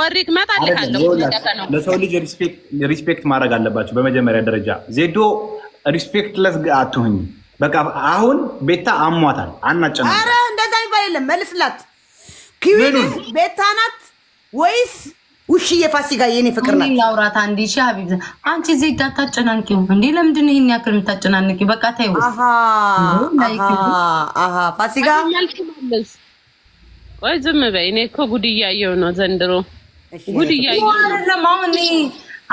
ወሪክ ማጣልካለሁ። ለሰው ልጅ ሪስፔክት ማድረግ አለባቸው። በመጀመሪያ ደረጃ ዜዶ ሪስፔክት ለስ አትሁኝ። በቃ አሁን ቤታ አሟታል። አናጨነ ኧረ እንደዛ የሚባል የለም። መልስላት ኪዊን ቤታ ናት ወይስ ውሽዬ ፋሲካ የኔ ፍቅር ናት። ላውራት አንድ ሺ ሀቢብ አንቺ ዜድ ታጨናንቂ እንዴ! ለምንድን ይህን ያክል የምታጨናንቂ? በቃ ታይ ፋሲካ። ቆይ ዝም በይ። እኔ እኮ ጉድ እያየሁ ነው ዘንድሮ ጉድ አሁን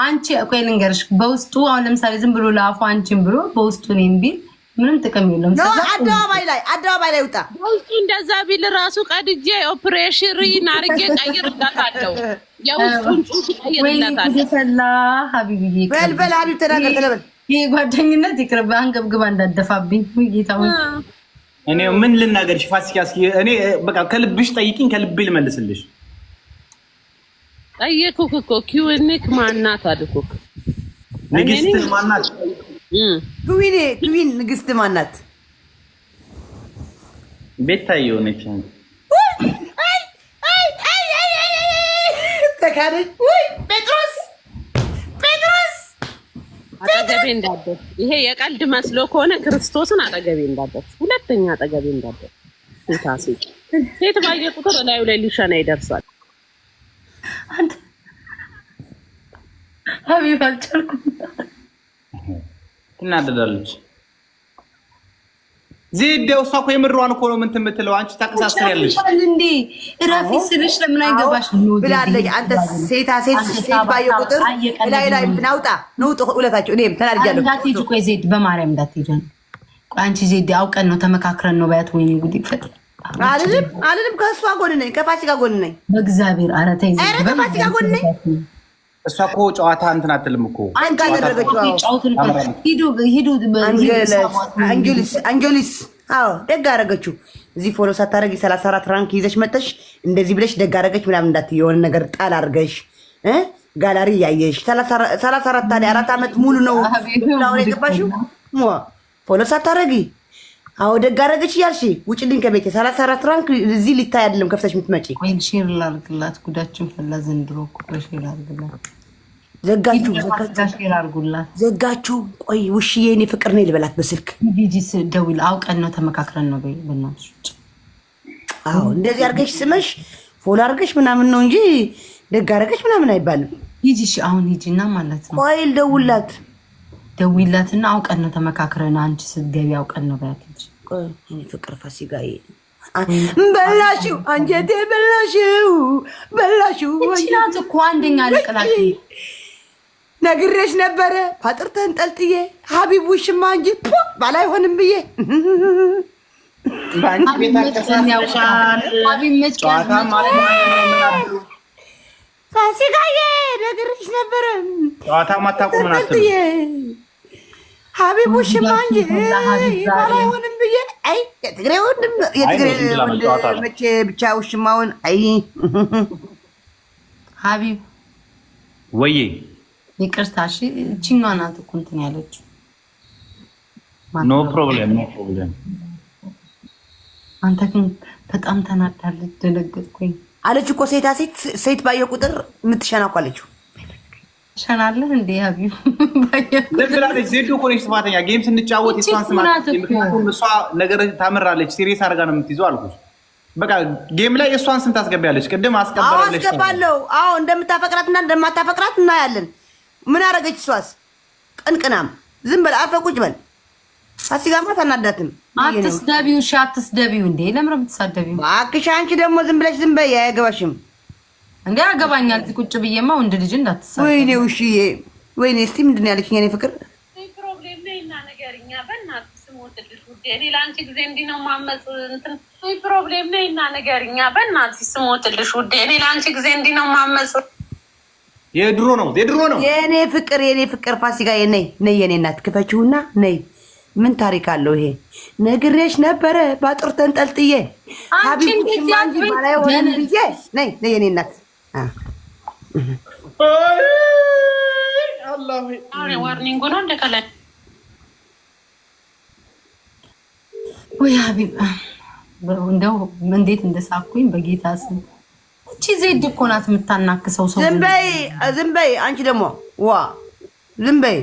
አንቺ ቆይ ልንገርሽ፣ በውስጡ አሁን ለምሳሌ ዝም ብሎ ለአፉ አንቺን ብሎ በውስጡ እኔም ቢል ምንም ጥቅም የለውም። አደባባይ ላይ አደባባይ ላይ ውጣ። በውስጡ እንደዛ ቢል ራሱ ቀድጄ ኦፕሬሽን አድርጌ ቀይርላታለሁ። እንዳደፋብኝ ምን ልናገርሽ ፋሲካ፣ እኔ በቃ ከልብሽ ጠይቂኝ፣ ከልቤ ልመልስልሽ ጠየኩህ እኮ ኪውኒክ ማናት አልኩህ። ንግስት ማናት? ክዊን ክዊን ንግስት ማናት? ቤታዬ ሆነች ይሄ የቀልድ መስሎ ከሆነ ክርስቶስን አጠገቤ እንዳደርስ፣ ሁለተኛ አጠገቤ እንዳደርስ። ሴት ባየ ቁጥር እላዩ ላይ ሊሸና ይደርሳል። ሀቢብ አልቻልኩም። ትናደዳለች። ዜዴው እሷ እኮ የምሯን እኮ ነው ምን ትምትለው አንቺ ታቀሳስሪያለሽ እንዴ? እራፊ ስልሽ ለምን አይገባሽ ብላለች። አንተ ሴታ ሴት ሴት ባየ ቁጥር ላይ ላይ ምናውጣ ንውጥ ሁለታቸው እኔም ተናድጃለሁ። እንዳትሄጂ ቆይ ዜድ በማርያም እንዳትሄጂ አንቺ ዜድ አውቀን ነው ተመካክረን ነው ባያት። ወይኔ ጉድ ይፈጥ አልልም አልልም። ከእሷ ጎን ነኝ፣ ከፋሲካ ጎን ነኝ። በእግዚአብሔር ኧረ ተይ ዜድ ከፋሲካ ጎን ነኝ እሷ እኮ ጨዋታ እንትን አትልም እኮ አንቺ አዎ ደግ አረገችው። እዚህ ፎሎ ሳታደረግ የሰላሳ አራት ራንክ ይዘሽ መጠሽ እንደዚህ ብለሽ ደግ አረገች ምናምን እንዳት የሆነ ነገር ጣል አርገሽ ጋላሪ እያየሽ ሰላሳ አራት ታዲያ አራት ዓመት ሙሉ ነው ሁን የገባሽው ፎሎ ሳታደረጊ አዎ ደግ አደረገች እያልሽ ውጭልኝ ከቤቴ። ሰላሳ አራት ፍራንክ እዚህ ሊታይ አይደለም ከፍተሽ የምትመጪ። ሼር ላርግላት፣ ጉዳችን ፈላ ዘንድሮ እኮ ላርግላት። ዘጋችሁ ቆይ ውሽዬ የኔ ፍቅር ነው ልበላት በስልክ ጂጂስ ደውል። አውቀን ነው ተመካክረን ነው በናትሽ። አዎ እንደዚህ አርገሽ ስመሽ ፎሎ አርገሽ ምናምን ነው እንጂ ደግ አደረገች ምናምን አይባልም። ሂጂ፣ አሁን ሂጂ ማለት ነው። ቆይ ልደውልላት ደዊላትና አውቀን ነው ተመካክረን፣ አንቺ ስትገቢ አውቀን ነው በያት። እኔ ፍቅር ፋሲካ በላሽው፣ አንጀቴ በላሽው፣ በላሽው። ይችላት እኮ አንደኛ ልቅላት ነግሬሽ ነበረ። ፓጥር ጠልጥዬ ሀቢብ ውሽማ እንጂ ባላ ይሆንም ብዬ ፋሲካዬ ነግሬሽ ነበረ። ጨዋታ ማታቆምናት ሀቢቡ ሽማኝ ባል አይሆንም ብዬ አይ የትግሬ ወንድም የትግሬ ወንድ መቼ ብቻ ውሽማውን አይ ሀቢብ ወይ ይቅርታ፣ እሺ እችኛዋ ናት እኮ እንትን ያለችው። ኖ ፕሮብሌም ኖ ፕሮብሌም። አንተ ግን በጣም ተናዳለች። ደነገጥኩኝ አለች እኮ ሴታ ሴት ሴት ባየ ቁጥር የምትሸናኩ አለችው ሸናለህ እንዴ አብዩ ለብላለች። ዜዶ እኮ ነች ጥፋተኛ። ጌም ስንጫወት የሷን ስማት፣ ምክንያቱም እሷ ነገር ታምራለች፣ ሲሪየስ አድርጋ ነው የምትይዘው አልኩ። በቃ ጌም ላይ የእሷን ስም ታስገቢያለች። ቅድም አስቀበላለች። አስገባለሁ። አዎ እንደምታፈቅራት እና እንደማታፈቅራት እናያለን። ምን አደረገች? እሷስ ቅንቅናም ዝም በል አፈቁጭ በል አሲጋማ ታናዳትም። አትስደቢው፣ እሺ አትስደቢው። እንዴ ለምን የምትሳደቢው? እባክሽ አንቺ ደግሞ ዝም ብለሽ ዝም በይ፣ አያገባሽም እንዴ አገባኛል። እዚህ ቁጭ ብዬማ ወንድ ልጅ እንዳትሳ። ወይኔ ውሽዬ፣ ወይኔ። እስቲ ምንድን ነው ያለችኝ? የእኔ ፍቅር ፕሮብሌም ላይ እና ነገርኛ በእናትህ ስም ወድልሽ ውዴ። እኔ ለአንቺ ጊዜ እንዲህ ነው ማመጽ እንትን ፕሮብሌም ላይ እና ነገርኛ በእናትህ ስም ወድልሽ ውዴ። እኔ ለአንቺ ጊዜ እንዲህ ነው ማመጽ የድሮ ነው የድሮ ነው። የእኔ ፍቅር የእኔ ፍቅር ፋሲካ ነይ ነይ፣ የእኔ እናት ክፈችሁና ነይ። ምን ታሪክ አለው ይሄ? ነግሬሽ ነበረ ባጥር ተንጠልጥዬ ሀቢብ ሽማንጅ ባላይ ሆነ ብዬ ነይ ነይ፣ የእኔ እናት ወይ ሀቢብ እንደው እንዴት እንደሳኩኝ በጌታ ስም። እቺ ዜድ እኮ ናት የምታናክሰው ሰው። ዝም በይ ዝም በይ። አንቺ ደግሞ ዋ ዝም በይ።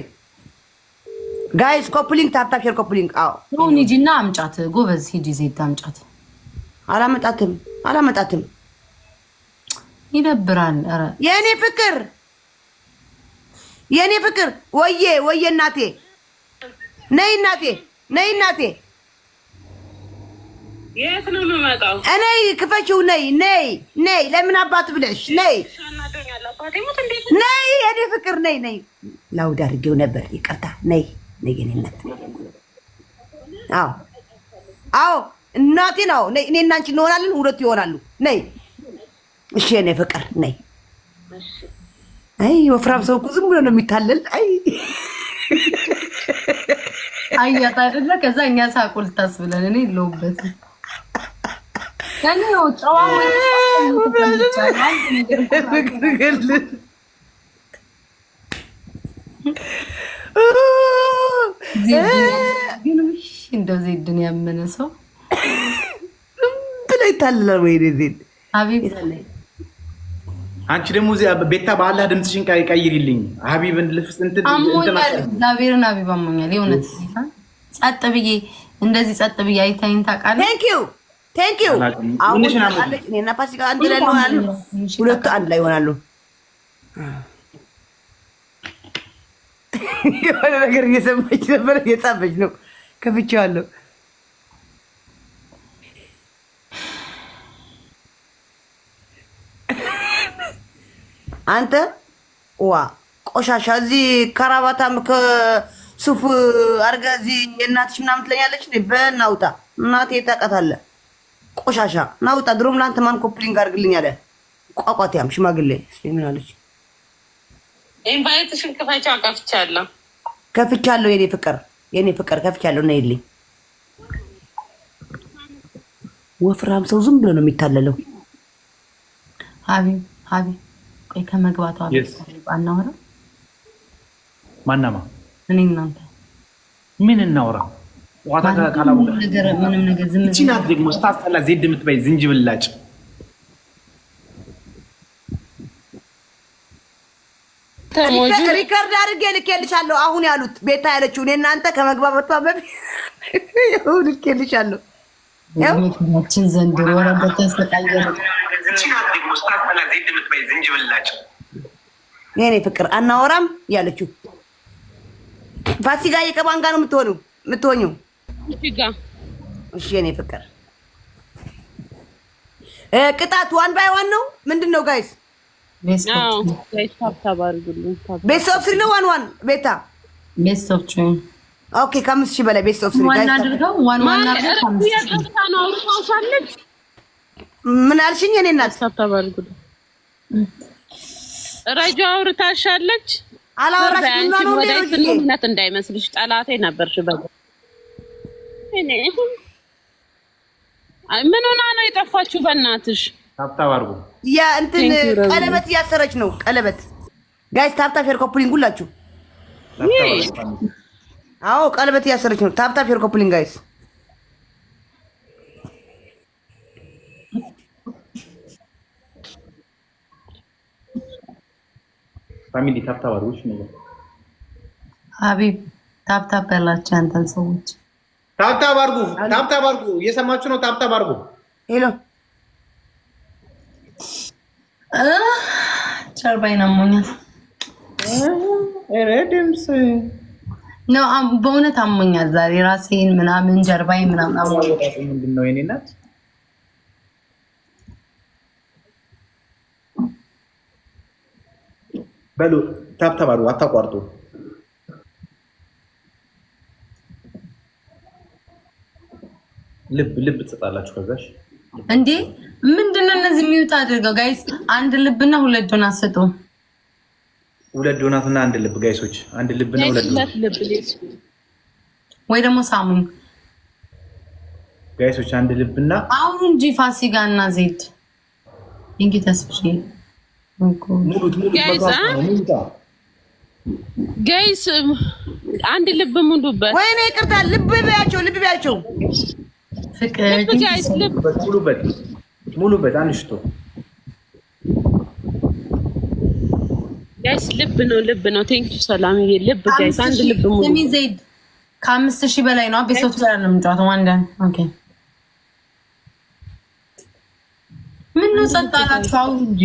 ጋይስ ኮፕሊንግ ታፕታፕ ሼር ኮፕሊንግ። አዎ ሂጂና አምጫት ጎበዝ፣ ሂጂ ዜድ አምጫት። አላመጣትም አላመጣትም ይነብራል። ኧረ የእኔ ፍቅር የእኔ ፍቅር ወዬ ወዬ እናቴ ነይ እናቴ ነይ እናቴ የት ነው የምመጣው? እኔ ክፈችው ነይ ነይ ነይ ለምን አባት ብለሽ ነይ ነይ የእኔ ፍቅር ነይ ነይ ላውድ አድርጌው ነበር ይቅርታ። ነይ ነይ የኔ እናት አዎ አዎ እናቴ ነው። እኔ እና አንቺ እንሆናለን፣ ሁለቱ ይሆናሉ። ነይ እሺ የኔ ፍቅር ነይ። አይ ወፍራም ሰው እኮ ዝም ብሎ ነው የሚታለል። አይ አያት አይደለ? ከዛ እኛ ሳቁልታስ ብለን እኔ የለሁበት እንደው ዜድን ያመነ ሰው ብላ ይታለላል ወይ ዜድ አንቺ ደግሞ ቤታ በአላህ ድምፅሽን ቀይሪልኝ። ሀቢብን ልፍስ እግዚአብሔርን ሀቢብ አሞኛል። የእውነት ጸጥ ብዬ እንደዚህ ጸጥ ብዬ አይታይን ታውቃለህ። ቴንኪው አሁንና ፋሲካ አንድ ላይ ሆናሉ፣ ሁለቱ አንድ ላይ ይሆናሉ። የሆነ ነገር እየሰማች ነበር፣ እየጻፈች ነው። ከፍቼዋለሁ አንተ ዋ ቆሻሻ እዚህ ከራባታም ከሱፍ አርጋ እዚህ እናትሽ ምናምን ትለኛለች። በናውጣ እናቴ ታውቃታለህ። ቆሻሻ ናውጣ። ድሮም ለአንተ ማን ኮፕሊንግ አርግልኝ አለ። ቋቋትያም ሽማግሌ ምን አለች? ኢንቫይትሽን ክፈቻው ከፍቻለሁ፣ ከፍቻለሁ። የኔ ፍቅር የኔ ፍቅር ከፍቻለሁ። እና ወፍራም ሰው ዝም ብሎ ነው የሚታለለው። ሀቢብ ሀቢብ ቆይ ከመግባቷ አናወራ ማናማ እኔ እናንተ ምን እናውራ? ችናት ደግሞ ስታስጠላ ዜድ የምትባይ ዝንጅብላጭ ሪከርድ አድርጌ ልኬልሻለሁ። አሁን ያሉት ቤታ ያለችው እኔ እናንተ ከመግባባቷ በፊት ልኬልሻለሁ። ዘንድሮ የኔ ፍቅር አናወራም ያለችው ፋሲካ የቀባን ጋር ነው የምትሆኑ የምትሆኘው። እሺ የኔ ፍቅር ቅጣት ዋን ባይ ዋን ነው ምንድን ነው ጋይስ? ቤስት ኦፍ ስሪ ነው ዋን ዋን ቤታ ቤስት ኦፍ ትሪ ኦኬ ከአምስት ሺህ በላይ ቤስት ኦፍ ስሪ ጋይስ ምን አልሽኝ? እኔ እናት ሳታባልጉ ረጃ አውርታሻለች። አላወራሽም ነው እንዳይመስልሽ ጠላቴ ነበርሽ። በቃ እኔ አይ ምን ሆና ነው የጠፋችሁ? በእናትሽ ታብታባርጉ ያ እንትን ቀለበት እያሰረች ነው። ቀለበት ጋይስ ታብታ ፌር ኮፕሊንግ ሁላችሁ። አዎ ቀለበት እያሰረች ነው። ታብታ ፌር ኮፕሊንግ ጋይስ ፋሚሊ ታብታብ አድርጎች ነገር ሀቢብ ታብታብ ያላቸው ያንተን ሰዎች ታብታብ አድርጉ፣ ታብታብ አድርጉ። እየሰማችሁ ነው? ታብታብ አድርጉ። ሄሎ ቸርባይን አሞኛል። ኧረ ድምፅ ነው በእውነት አሞኛል ዛሬ ራሴን ምናምን ጀርባይን ምናምን አሞኛል። ምንድን ነው የኔ እናት በሉ ታብታብ አታቋርጡ። ልብ ልብ ትሰጣላችሁ። ከዛሽ እንዴ ምንድነው እነዚህ የሚወጣ አድርገው ጋይስ፣ አንድ ልብና ሁለት ዶናት ሰጡ። ሁለት ዶናትና አንድ ልብ ጋይሶች፣ አንድ ልብና ሁለት ልብ ወይ ደግሞ ሳሙን ጋይሶች፣ አንድ ልብና አሁን እንጂ ፋሲካ እና ዜድ እንግዲህ ተስፍሽ ገይስ አንድ ልብ ሙሉበት። ወይኔ ይቅርታ፣ ልብ በያቸው፣ ልብ በያቸው። ሙሉበት፣ ሙሉበት። አንሽቶ ጋይስ፣ ልብ ነው፣ ልብ ነው። ቴንክ ዩ ልብ ጋይስ፣ አንድ ልብ ሙሉ። ዘይድ፣ ከአምስት ሺህ በላይ ነው። ቤሶት ጋር ነው የምንጫወተው። ዋንዳን ኦኬ። ምን ነው ጸጥ አላችሁ? አውሩ እንጂ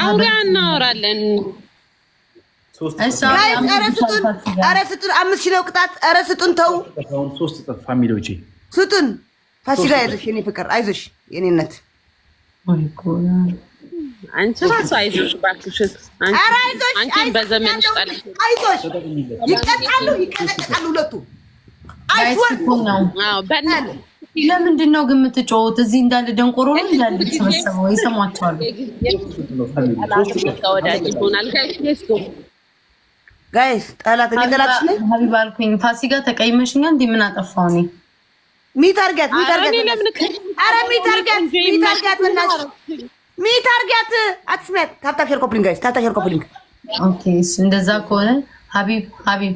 አውራ እናወራለን። ኧረ ስጡን፣ አምስት ኪሎ ቅጣት። ኧረ ስጡን፣ ተው ስጡን። ፋሲካ አይዞሽ የኔ ፍቅር፣ አይዞሽ የኔነት አንቺ ራሱ አይዞሽ በዘመንሽ አይዞሽ። ይቀጣሉ፣ ይቀጠቀጣሉ ሁለቱ አይወርዱ ለምንድን ነው ግን የምትጫወት? እዚህ እንዳለ ደንቆሮ ነው እንዳለ ተሰበሰበው ይሰማቸዋሉ። ጋይስ ጠላት እኔ ጠላት ነኝ ሀቢባ አልኩኝ። ፋሲካ ተቀይመሽኛ እንዲ ምን አጠፋው እኔ? ሚት አድርጊያት፣ ሚት አድርጊያት፣ ኧረ ሚት አድርጊያት፣ ሚት አድርጊያት፣ ሼር ኮፕሊንግ ጋይስ፣ ታፕታፕ ሼር ኮፕሊንግ። ኦኬ እንደዛ ከሆነ ሀቢብ ሀቢብ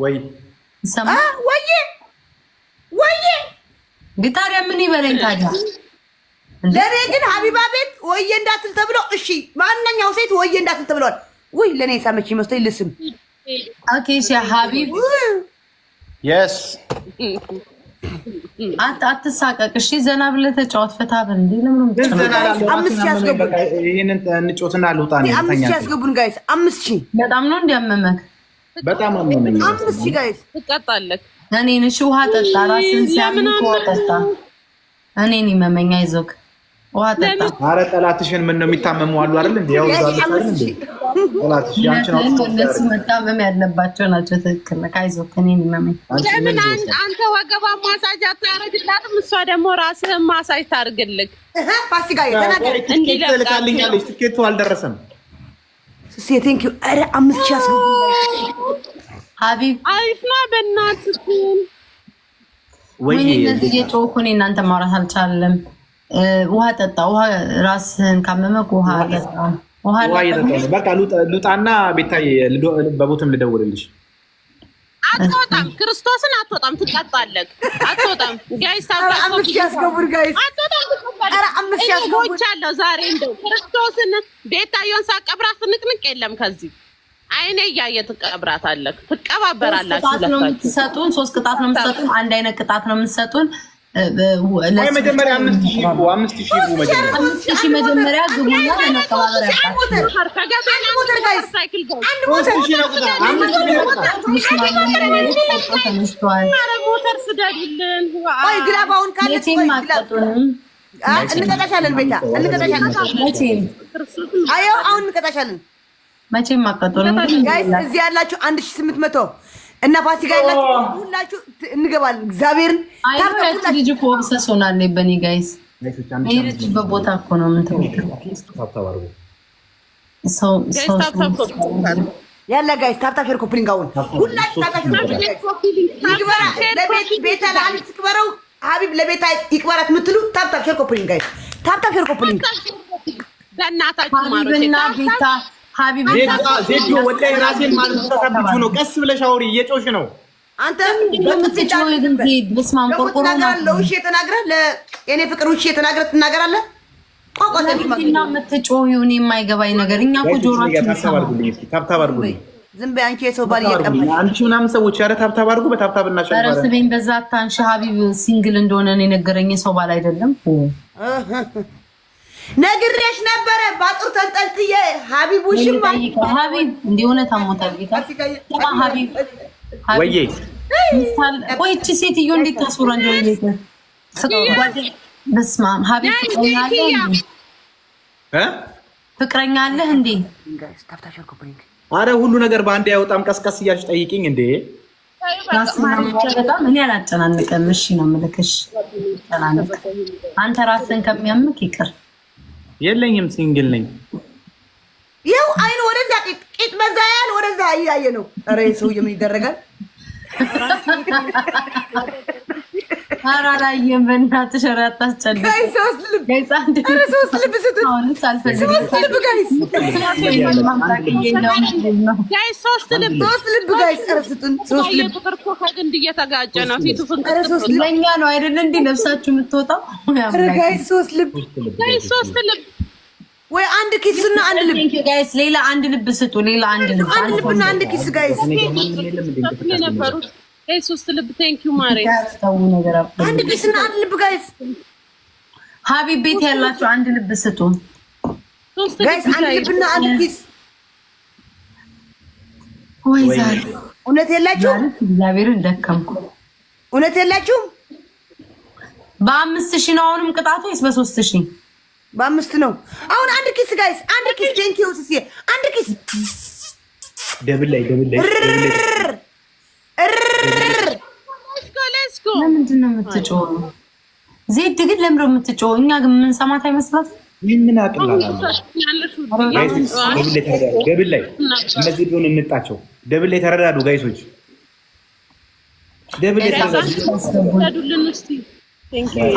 ወይ ሰማ ወይ ወይ ታዲያ ምን ይበለኝ ታዲያ። ለእኔ ግን ሀቢባ ቤት ወየ እንዳትል ተብሎ እሺ ማንኛው ሴት ወየ እንዳትል ተብሏል። ውይ ለእኔ የሳመች ይመስለኝ ልስም ኦኬ ሀቢብ አትሳቀቅ እሺ። ዘና ብለህ ተጫወት፣ ፈታ በል። እንደ አምስት ሺህ ያስገቡን ጋይስ። አምስት ሺህ በጣም ነው እንዲያመመክ በጣም አመመኝ። አምስት ሺህ ጋይስ ትቀጣለህ እኔን እሺ፣ ውሃ ጠጣ። ራስን ሲያምንኩ ውሃ ጠጣ። እኔን ይመመኛ ይዞክ ውሃ ጠጣ። አረ ጠላትሽን ምን ነው የሚታመሙ አሉ አይደል እንዴ? ያው ዛሬ እነሱ መታመም ያለባቸው ናቸው። ትክክል ነህ። አይዞክ፣ እኔን ይመመኝ። ለምን አንተ ወገባ ማሳጅ አታረግላትም? እሷ ደግሞ ራስህን ማሳጅ ታርግልክ። ፋሲካ የተናገረ እንዴ ትኬቱ አልደረሰም። ሴ ቴንክ ዩ። ኧረ አምስት ሺህ አስገቡ ሀቢብ አይፍና በእናትህን ወይ እነዚህ እኔ እናንተ ማውራት አልቻለም። ውሃ ጠጣ። ውሃ ራስህን ካመመቅ ውሃ ጠጣ። በቃ ሉጣና ቤታዬ በቦትም ልደውልልሽ። አትወጣም፣ ክርስቶስን አትወጣም፣ ትቀጣለህ። አትወጣም ጋይስ ጋይስ አትወጣም። ዛሬ እንደው ክርስቶስን የለም ከዚህ አይኔ እያየ ትቀብራታለህ፣ ትቀባበራላችሁ። የምትሰጡን ሶስት ቅጣት ነው የምትሰጡን። አንድ አይነት ቅጣት ነው የምትሰጡን። መጀመሪያ አምስት ሺህ ግቡና አሁን እንቀጣሻለን መቼም አቃጠሉ። እዚህ ያላችሁ አንድ ሺህ ስምንት መቶ እና ፋሲካ ያላችሁ ሁላችሁ እንገባለን። እግዚአብሔርን ልጅ እኮ ኦብሰስ ሆናለች በኔ ጋይስ። የሄደችበት ቦታ እኮ ነው የምንተው። ያለ ጋይስ ታብታ ፌር ኮፕሊንግ አሁን ሁላችሁ ሀቢብ ለቤታ ይቅበራት የምትሉ ታብታ ፌር ኮፕሊንግ ጋይስ ታብታ ፌር ኮፕሊንግ በእናታችሁ ማሮቼ ዜዶ ወላሂ ራሴን ማለት ተሰብቹ ነው። ቀስ ብለሽ አውሪ፣ እየጮሽ ነው። አንተ ውሼ ተናግረህ የእኔ ፍቅር ውሼ ተናግረህ ትናገራለህ። የምትጮው የማይገባኝ ነገር እኛ እኮ ጆሮአችን ዝም በይ አንቺ የሰው ባል እየቀበል አንቺ ምናምን ሰዎች ኧረ ታብታብ አድርጉ በታብታብ እናሸ ኧረ ስበኝ በዛ አታንሽ ሀቢብ ሲንግል እንደሆነ የነገረኝ የሰው ባል አይደለም ነግሬሽ ነበረ። ባጥሩ ተንጠልጥዬ ሀቢብ ውሽም ሀቢብ እንዲህ እንዴት ታስራ ፍቅረኛ አለህ እንዴ? አረ ሁሉ ነገር በአንድ አይወጣም። ቀስቀስ እያልሽ ጠይቂኝ እንዴ በጣም እኔ እሺ ነው አንተ ራስን ከሚያምቅ ይቅር የለኝም፣ ሲንግል ነኝ። ይኸው አይኑ ወደዛ ቂጥ መዛያል ወደዛ እያየ ነው። ኧረ ሰውዬ ምን ይደረጋል? አላየም። በእናትሽ ኧረ አታስጨልም። ሶስት ልብ ወይ አንድ ኪስ አንድ ልብ ጋይስ፣ ሌላ አንድ ልብ ስጡ። ሌላ አንድ ልብ አንድ ልብና አንድ ኪስ ጋይስ ሶስት ልብ ቴንክ ዩ ማሬ አንድ ፒስና አንድ ልብ ጋይስ ሀቢብ ቤት ያላችሁ አንድ ልብ ስጡ ጋይስ አንድ ልብና አንድ ፒስ ወይ ዛሬ እውነት የላችሁም እግዚአብሔርን ደከምኩ እውነት የላችሁም በአምስት ሺህ ነው አሁንም ቅጣቱ ወይስ በሶስት ሺህ በአምስት ነው አሁን አንድ ኪስ ጋይስ አንድ ኪስ ቴንኪው ስስዬ አንድ ኪስ ደብል ላይ ደብል ላይ ለምንድን ነው የምትጮው? ዜድ ግን ለምንድን ነው የምትጮው? እኛ ግን ምን ሰማት ይህን ምን ምን አቅላደብል ላይ እነዚህ ቢሆን እንጣቸው። ደብል ላይ ተረዳዱ ጋይሶች፣ ደብል ላይ ተረዳዱ።